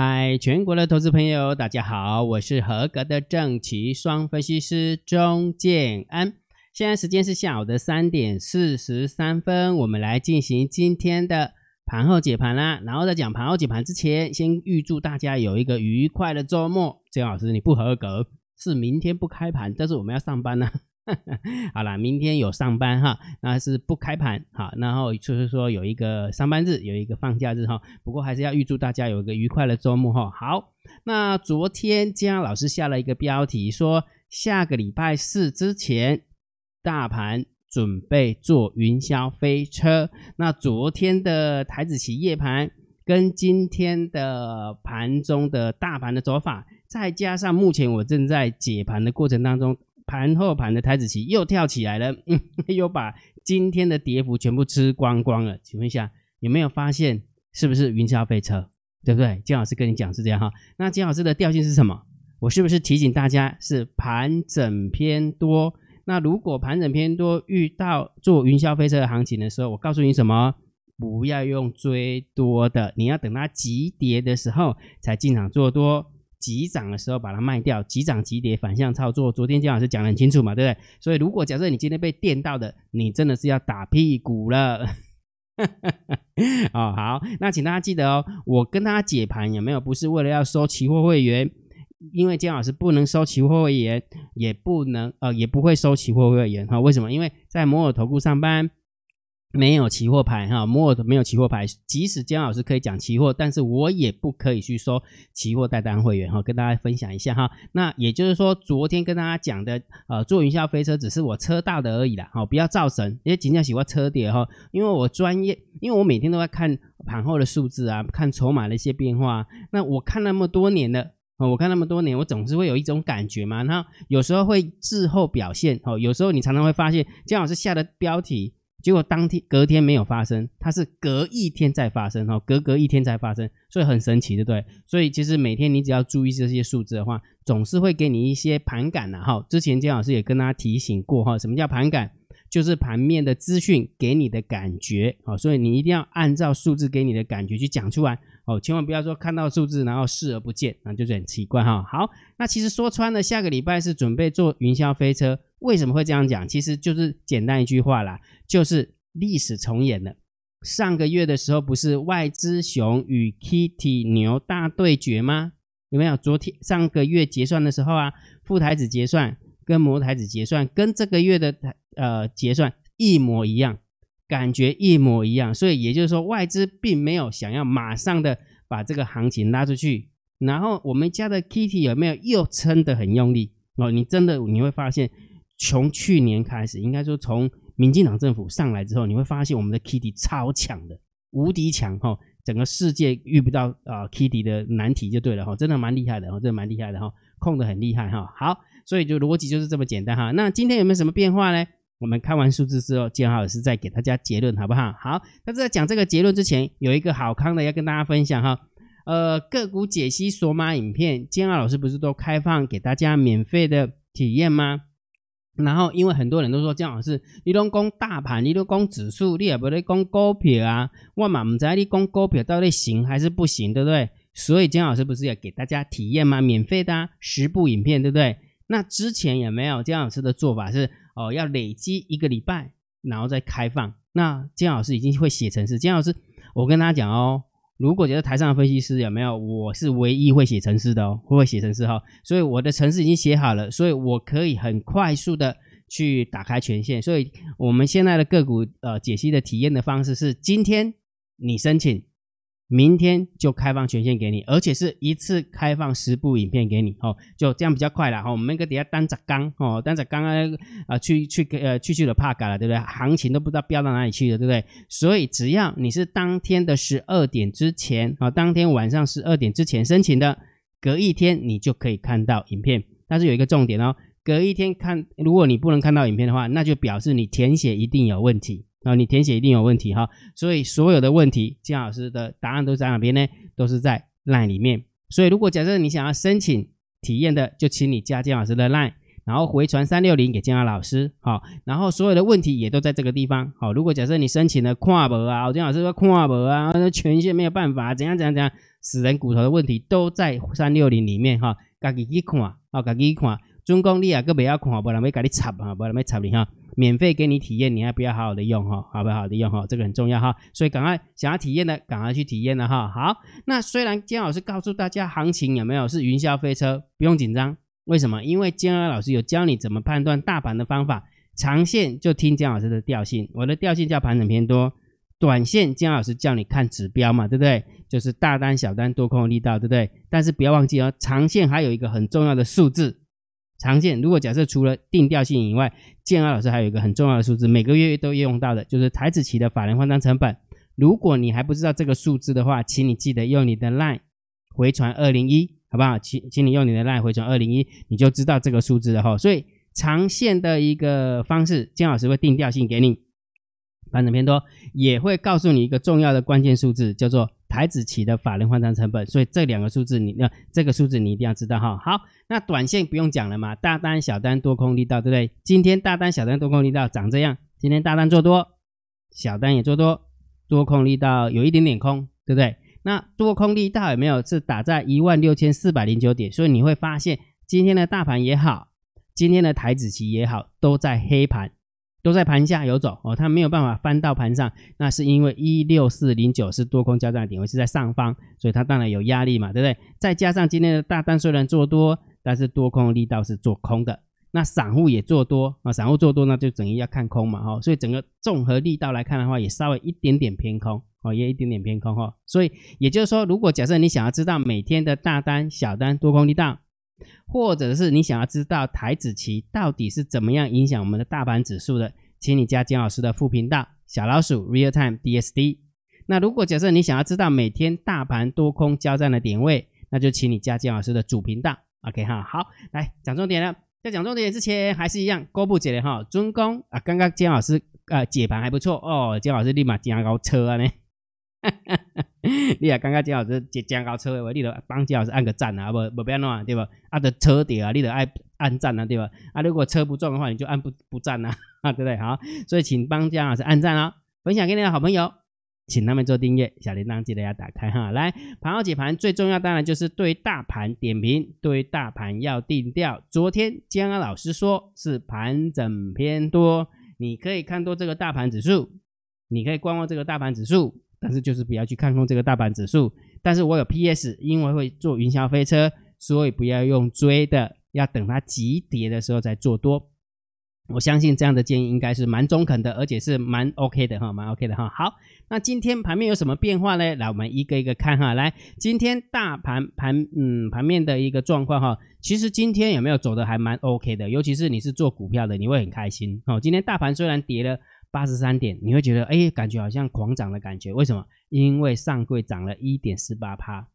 嗨，全國的投資朋友，大家好，我是合格的證期雙分析師鍾建安。現在時間是下午的三點四十三分，我們來進行今天的盤後解盤啦。然後在講盤後解盤之前，先預祝大家有一個愉快的周末。鍾老師，你不合格，是明天不開盤，但是我們要上班呢、啊。 好啦，明天有上班哈，那是不開盤哈，然後就是說有一個上班日，有一個放假日哈。不過還是要預祝大家有一個愉快的周末哈。好，那昨天江老師下了一個標題說，說下個禮拜四之前大盤準備做雲霄飛車。那昨天的台指期夜盤跟今天的盤中的大盤的走法，再加上目前我正在解盤的過程當中。盤後盤的台指期又跳起來了，嗯，又把今天的跌幅全部吃光光了。請問一下，有沒有發現是不是雲霄飛車？對不對？鍾老師跟你講是這樣哈。那鍾老師的調性是什麼？我是不是提醒大家是盤整偏多？那如果盤整偏多，遇到做雲霄飛車的行情的時候，我告訴你什麼？不要用追多的，你要等它急跌的時候才進場做多。急漲的時候把它賣掉。急漲急跌反向操作。昨天姜老師講得很清楚嘛，對不對？所以如果假設你今天被電到的，你真的是要打屁股了。 哦，好，那請大家記得哦，我跟大家解盤有沒有？不是為了要收期貨會員，因為姜老師不能收期貨會員，也不能呃也不會收期貨會員哈、哦。為什麼？因為在摩爾投顧上班。沒有期貨牌哈，我沒有期貨牌。即使姜老師可以講期貨，但是我也不可以去收期貨代單會員哈，跟大家分享一下哈。那也就是說，昨天跟大家講的呃，坐雲霄飛車只是我車到的而已啦，哈，不要造神，也盡量喜歡車跌，哈。因為我專業，因為我每天都在看盤後的數字啊，看籌碼的一些變化。那我看那麼多年了，我看那麼多年，我總是會有一種感覺嘛。然後有時候會滯後表現，哦，有時候你常常會發現姜老師下的標題。結果當天、隔天沒有發生，它是隔一天再發生，哈，隔隔一天再發生，所以很神奇，對不對？所以其實每天你只要注意這些數字的話，總是會給你一些盤感的，哈。之前金老師也跟大家提醒過，哈，什麼叫盤感？就是盤面的資訊給你的感覺，好，所以你一定要按照數字給你的感覺去講出來，哦，千萬不要說看到數字然後視而不見，那就是很奇怪哈、哦。好，那其實說穿了，下個禮拜是準備坐雲霄飛車，為什麼會這樣講？其實就是簡單一句話啦，就是歷史重演了。上個月的時候不是外資熊與 Kitty 牛大對決嗎？有沒有昨天上個月結算的時候啊，富台指結算？跟摩台子結算，跟這個月的台呃結算一模一樣，感覺一模一樣，所以也就是說外資並沒有想要馬上的把這個行情拉出去。然後我們家的 Kitty 有沒有又撐得很用力哦？你真的你會發現，從去年開始，應該說從民進黨政府上來之後，你會發現我們的 Kitty 超強的無敵強哈、哦，整個世界遇不到啊、呃、Kitty 的難題就對了哈、哦，真的蠻厲害的哈、哦，真的蠻厲害的哈、哦，控得很厲害哈、哦，好。所以就邏輯就是這麼簡單哈。那今天有沒有什麼變化呢？我們看完數字之後，建安老,老師再給大家結論，好不好？好，那在講這個結論之前，有一個好康的要跟大家分享哈。呃，個股解析索馬影片，建安老,老師不是都開放給大家免費的體驗嗎？然後因為很多人都說姜老,老師，你都講大盤，你都講指數，你也不得講股票啊。我嘛，不知道你講股票到底行還是不行，對不對？所以姜老,老師不是也給大家體驗嗎？免費的、啊、十部影片，對不對？那之前也沒有姜老師的做法是哦，要累積一個禮拜，然後再開放。那姜老師已經會寫程式，姜老師，我跟他講哦，如果覺得台上的分析師有沒有，我是唯一會寫程式的哦，會會寫程式哈、哦，所以我的程式已經寫好了，所以我可以很快速的去打開權限。所以我們現在的個股呃解析的體驗的方式是，今天你申請。明天就開放權限給你，而且是一次開放十部影片給你哦，就這樣比較快了哈。我們那個底下單子剛哦，單子剛剛啊、呃、去去呃去呃去了帕改了，對不對？行情都不知道飆到哪裡去了，對不對？所以只要你是當天的十二點之前啊、哦，當天晚上十二點之前申請的，隔一天你就可以看到影片。但是有一個重點哦，隔一天看，如果你不能看到影片的話，那就表示你填寫一定有問題。後、哦、你填寫一定有問題哈、哦，所以所有的問題，姜老師的答案都在哪邊呢？都是在 LINE 裡面。所以如果假設你想要申請體驗的，就請你加姜老師的 LINE，然後回傳三六零給姜老師，好、哦。然後所有的問題也都在這個地方，好、哦。如果假設你申請了看無啊，姜老師說看無啊，那權限沒有辦法，怎樣怎樣怎樣，死人骨頭的問題都在三六零裡面哈，家、哦、己去看，啊、哦、家己去看，中公你也閣未曉看，無人要甲你插哈，無人要插你哈。哦免費給你體驗，你還不要好好的用哈，好不好，好，好的用哈，這個很重要哈，所以趕快想要體驗的，趕快去體驗了哈。好，那雖然姜老師告訴大家行情有沒有是雲霄飛車，不用緊張，為什麼？因為姜老師有教你怎麼判斷大盤的方法，長線就聽姜老師的調性，我的調性叫盤整偏多，短線姜老師叫你看指標嘛，對不對？就是大單、小單、多空力道，對不對？但是不要忘記哦，長線還有一個很重要的數字。長線，如果假設除了定調性以外，建安老、老師還有一個很重要的數字，每個月都用到的，就是台指期的法人換單成本。如果你還不知道這個數字的話，請你記得用你的 LINE 回傳二零一，好不好？請請你用你的 LINE 回傳二零一，你就知道這個數字了哈、哦。所以長線的一個方式，建老師會定調性給你，反正偏多，也會告訴你一個重要的關鍵數字，叫做。台指期的法人換算成本，所以這兩個數字你，那這個數字你一定要知道哈。好，那短線不用講了嘛，大單小單多空力道，對不對？今天大單小單多空力道長這樣，今天大單做多，小單也做多，多空力道有一點點空，對不對？那多空力道有沒有是打在一萬六千四百零九點？所以你會發現今天的大盤也好，今天的台指期也好，都在黑盤。都在盤下遊走哦，它沒有辦法翻到盤上，那是因為一六四零九是多空交戰的點位，是在上方，所以它當然有壓力嘛，對不對？再加上今天的大單雖然做多，但是多空的力道是做空的，那散戶也做多啊、哦，散戶做多那就等於要看空嘛，哈、哦，所以整個綜合力道來看的話，也稍微一點點偏空哦，也一點點偏空哈、哦，所以也就是說，如果假設你想要知道每天的大單、小單、多空力道。或者是你想要知道台指期到底是怎麼樣影響我們的大盤指數的，請你加金老師的副頻道小老鼠 Real Time D S D。那如果假設你想要知道每天大盤多空交戰的點位，那就請你加金老師的主頻道。OK 哈，好，來講重點了，在講重點之前還是一樣，過不起的哈，尊公啊，剛剛金老師、呃、解盤還不錯哦，金老師立馬加高 a n g o 車啊呢。 你也剛剛姜老師坐公交車的，你得幫姜老師按個讚啊，不不別弄啊，對吧啊，得車到啊，你得按按讚啊，對吧啊，如果車不撞的話，你就按不不讚啊，啊，對不對？好，所以請幫姜老師按讚啊、哦，分享給你的好朋友，請他們做訂閱，小鈴鐺記得要打開哈。來盤後解盤，最重要當然就是對大盤點評，對大盤要定調。昨天姜老師說是盤整偏多，你可以看多這個大盤指數，你可以觀望這個大盤指數。但是就是不要去看空這個大盤指數，但是我有 P S，因為會做雲霄飛車，所以不要用追的，要等它急跌的時候再做多。我相信這樣的建議應該是蠻中肯的，而且是蠻 OK 的哈，蠻 OK 的哈。好，那今天盤面有什麼變化呢？來，我們一個一個看哈。來，今天大盤盤嗯盤面的一個狀況哈，其實今天有沒有走的還蠻 OK 的，尤其是你是做股票的，你會很開心哦。今天大盤雖然跌了。八十三點，你會覺得哎、欸，感覺好像狂漲的感覺，為什麼？因為上櫃漲了一點四八趴，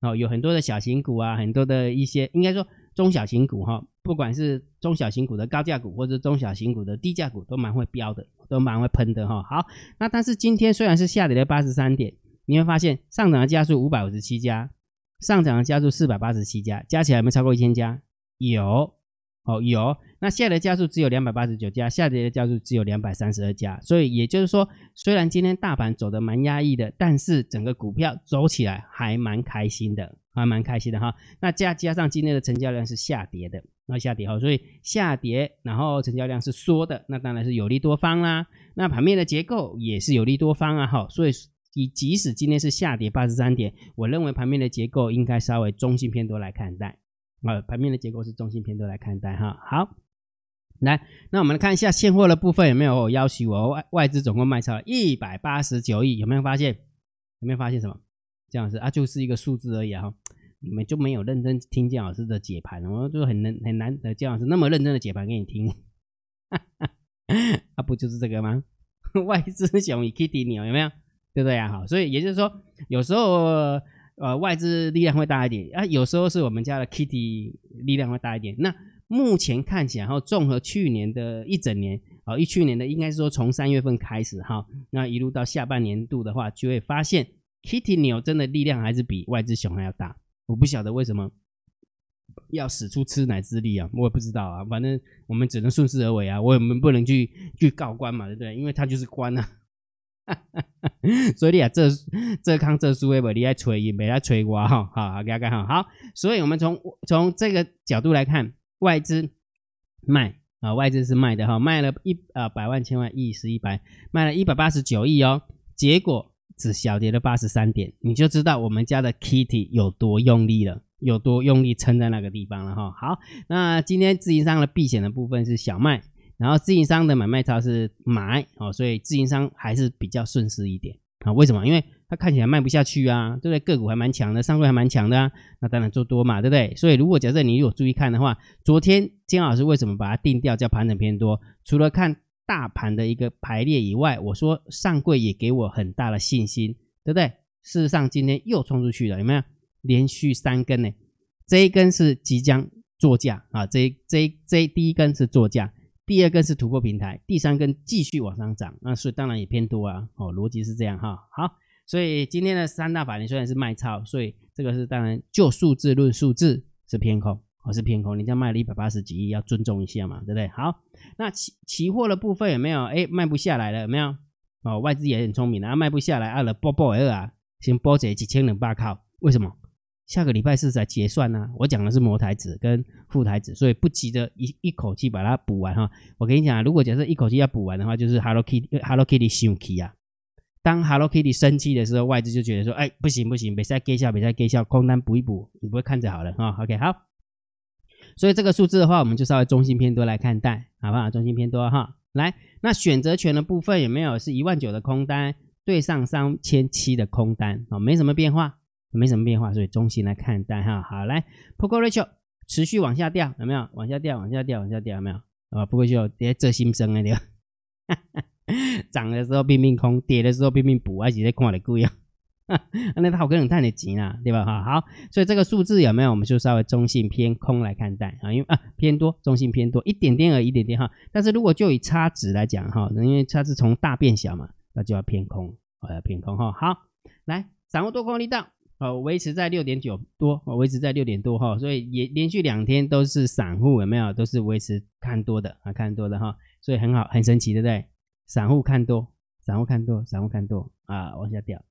哦，有很多的小型股啊，很多的一些應該說中小型股哈、哦，不管是中小型股的高價股或者中小型股的低價股，都蠻會飆的，都蠻會噴的哈、哦。好，那但是今天雖然是下跌了八十三點，你會發現上漲的家數五百五十七家，上漲的家數四百八十七家，加起來有沒有超過一千家？有，哦有。那下跌的家數只有兩百八十九家，下跌的家數只有兩百三十二家，所以也就是說，雖然今天大盤走得蠻壓抑的，但是整個股票走起來還蠻開心的，還蠻開心的哈。那加加上今天的成交量是下跌的，那下跌哈，所以下跌，然後成交量是縮的，那當然是有利多方啦、啊。那盤面的結構也是有利多方啊哈，所以以即使今天是下跌八十三點，我認為盤面的結構應該稍微中性偏多來看待啊，嗯、盤面的結構是中性偏多來看待哈，好。來，那我們來看一下現貨的部分有沒有、哦、要求？我外外資總共賣超了一百八十九億，有沒有發現？有沒有發現什麼？鍾老師啊，就是一個數字而已哈、啊，你們就沒有認真聽鍾老師的解盤，我、啊、就很難很難得鍾老師那麼認真的解盤給你聽， 啊不就是這個嗎？外資熊以 kitty 你有沒有？對不對呀？好，所以也就是說，有時候呃外資力量會大一點啊，有時候是我們家的 kitty 力量會大一點，那。目前看起來，然後綜合去年的一整年啊，一、哦、去年的應該是說，從三月份開始哈、哦，那一路到下半年度的話，就會發現 Kitty 牛真的力量還是比外資熊還要大。我不曉得為什麼要使出吃奶之力啊，我也不知道啊，反正我們只能順勢而為啊，我們不能去去告官嘛，對不對？因為他就是官啊， 所以啊，這這康這蘇威你來吹也沒他吹我哈，好、哦，大家看好。所以，我們從從這個角度來看。外資賣啊，外資是賣的哈，賣了一啊百萬千萬億是一百，賣了一百八十九億哦，結果只小跌了八十三點，你就知道我們家的 Kitty 有多用力了，有多用力撐在那個地方了哈。好，那今天自營商的避險的部分是小賣，然後自營商的買賣超是買哦，所以自營商還是比較順勢一點啊。為什麼？因為它看起來賣不下去啊，對不對？個股還蠻強的，上櫃還蠻強的，啊。那當然做多嘛，對不對？所以如果假設你有注意看的話，昨天金老師為什麼把它定調叫盤整偏多？除了看大盤的一個排列以外，我說上櫃也給我很大的信心，對不對？事實上今天又衝出去了，有沒有？連續三根呢？這一根是即將作價啊，這這這一第一根是作價，第二根是突破平台，第三根繼續往上漲，那所以當然也偏多啊，哦，邏輯是這樣哈、啊，好。所以今天的三大法人雖然是賣超，所以這個是當然就數字論數字是偏空，哦是偏空，人家賣了一百八十幾億，要尊重一下嘛，對不對？好，那期期貨的部分有沒有、欸？誒賣不下來了，有沒有？哦，外資也很聰明然、啊、後賣不下來，二了 BOBO 二啊，先波着幾千兩百口，為什麼？下個禮拜四才結算呢、啊？我講的是摩台子跟副台子，所以不急着一一口氣把它補完哈。我跟你講、啊，如果假設一口氣要補完的話，就是 Hello Kitty，Hello Kitty，辛苦啊。當 Hello Kitty 生氣的時候，外資就覺得說：“哎，不行不行，別再蓋笑，別再蓋笑，空單補一補，你不會看着好了啊。哦” OK，好。所以這個數字的話，我們就稍微中性偏多來看待，好不好？中性偏多哈、哦。來，那選擇權的部分有沒有是一萬九的空單對上三千七的空單？啊、哦，沒什麼變化，沒什麼變化，所以中性來看待。哈、哦。好，來，破過 Rachel，持續往下掉，有沒有？往下掉，往下掉，往下掉，有沒有？啊，不過就別做心聲了，哈哈。漲的時候拼命空，跌的時候拼命補，還是在看的貴啊？那他好可能賺的錢啊，對吧？哈，好，所以這個數字有沒有？我們就稍微中性偏空來看待啊，因為啊偏多，中性偏多一點點而已，一點點哈。但是如果就以差值來講哈，因為它是從大變小嘛，那就要偏空，要偏空哈。好，來，散戶多空力道好維持在六點九多，維持在六點多哈，所以連連續兩天都是散戶有沒有？都是維持看多的啊，看多的哈，所以很好，很神奇，對不對？散戶看多，散戶看多，散戶看多啊，往下掉。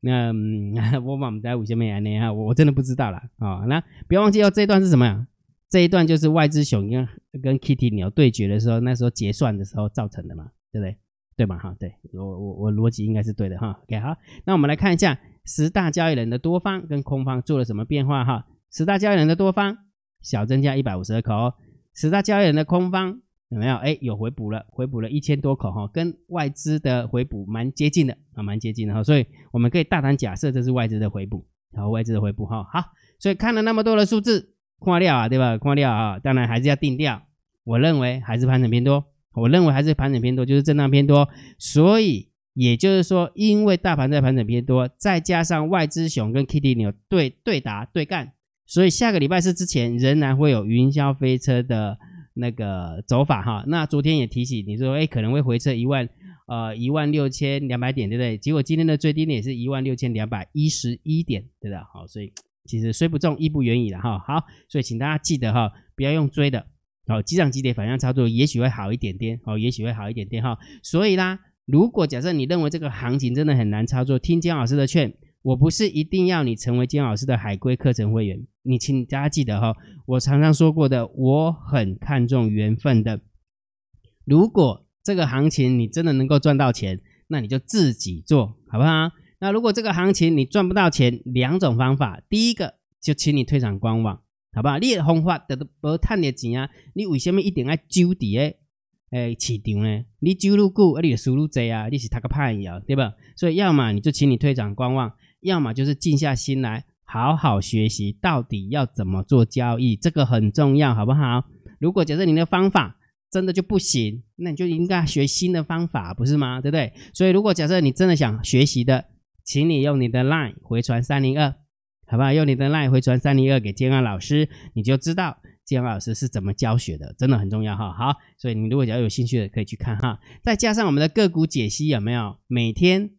那、 嗯、我嘛，不知道為什麼安尼啊，我我真的不知道啦啊。那不要忘記哦，這一段是什麼呀？這一段就是外資熊跟跟 Kitty 牛對決的時候，那時候結算的時候造成的嘛，對不對？對嘛哈？對我我我邏輯應該是對的哈、哦。OK，好，那我們來看一下十大交易人的多方跟空方做了什麼變化哈、哦？十大交易人的多方小增加一百五十二口，十大交易人的空方。有沒有？哎，有回補了，回補了一千多口哈、哦，跟外資的回補蠻接近的，啊，蠻接近的哈、哦，所以我們可以大膽假設這是外資的回補，然、啊、後外資的回補哈、哦，好，所以看了那麼多的數字，垮掉啊，對吧？垮掉啊，當然還是要定調。我認為還是盤整偏多，我認為還是盤整偏多，就是震盪偏多，所以也就是說，因為大盤在盤整偏多，再加上外資熊跟 K D 牛對對打對幹，所以下個禮拜四之前仍然會有雲霄飛車的。那個走法哈，那昨天也提醒你說，誒，可能會回撤一萬，呃，一萬六千兩百點，對不對？結果今天的最低點也是一萬六千兩百一十一點，對不對？好、哦，所以其實雖不中亦不遠矣了哈。好，所以請大家記得哈、哦，不要用追的。好、哦，急漲急跌反向操作也許會好一點點，好、哦，也許會好一點點哈、哦。所以啦，如果假設你認為這個行情真的很難操作，聽姜老師的勸。我不是一定要你成為金老師的海龜課程會員，你請你大家記得哈、哦，我常常說過的，我很看重緣分的。如果這個行情你真的能夠賺到錢，那你就自己做，好不好？那如果這個行情你賺不到錢，兩種方法，第一個就請你退場觀望，好不好？你的方法得不不太點錢啊，你為什麼一定要揪底的？哎，市場呢？你揪入故而你的輸入多啊？你是他個朋友對吧？所以要麼你就請你退場觀望。要麼就是靜下心來好好學習，到底要怎麼做交易，這個很重要，好不好？如果假設你的方法真的就不行，那你就應該學新的方法，不是嗎？對不對？所以如果假設你真的想學習的，請你用你的 Line 回傳三零二，好不好？用你的 Line 回傳三零二給建安老師，你就知道建安老師是怎麼教學的，真的很重要哈。好，所以你如果只要有興趣的，可以去看哈。再加上我們的個股解析，有沒有每天？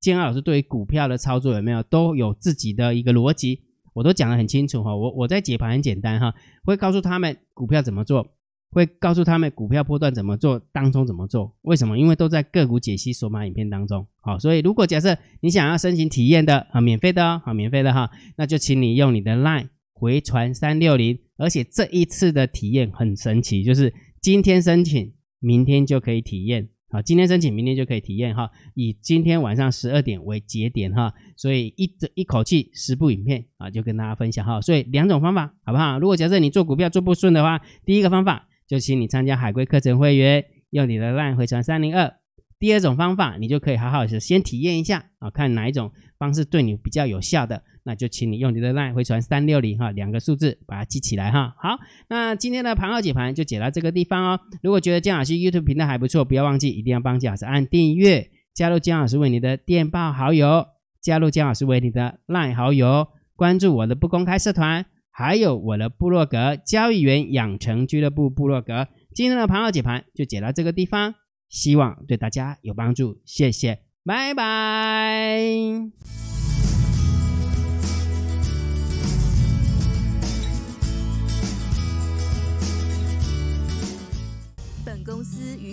建安老師對於股票的操作有沒有，都有自己的一個邏輯，我都講得很清楚哈、哦。我我在解盤很簡單哈，會告訴他們股票怎麼做，會告訴他們股票波段怎麼做，當沖怎麼做，為什麼？因為都在個股解析鎖碼影片當中。好，所以如果假設你想要申請體驗的啊，免費的哦，免費的哈，那就請你用你的 LINE 回傳三六零，而且這一次的體驗很神奇，就是今天申請，明天就可以體驗。好，今天申請，明天就可以體驗哈。以今天晚上十二點為節點哈，所以一這一口氣十部影片啊，就跟大家分享哈。所以兩種方法好不好？如果假設你做股票做不順的話，第一個方法就請你參加海龜課程會員，用你的 line 回傳三零二。第二種方法，你就可以好好的先體驗一下啊，看哪一種方式對你比較有效的。那就請你用你的 line 回傳三六零哈，兩個數字把它記起來哈。好，那今天的盤後解盤就解到這個地方哦。如果覺得江老師 YouTube 頻道還不錯，不要忘記一定要幫江老師按訂閱，加入江老師為你的電報好友，加入江老師為你的 line 好友，關注我的不公開社團，還有我的部落格交易員養成俱樂部部落格。今天的盤後解盤就解到這個地方，希望對大家有幫助，謝謝，拜拜。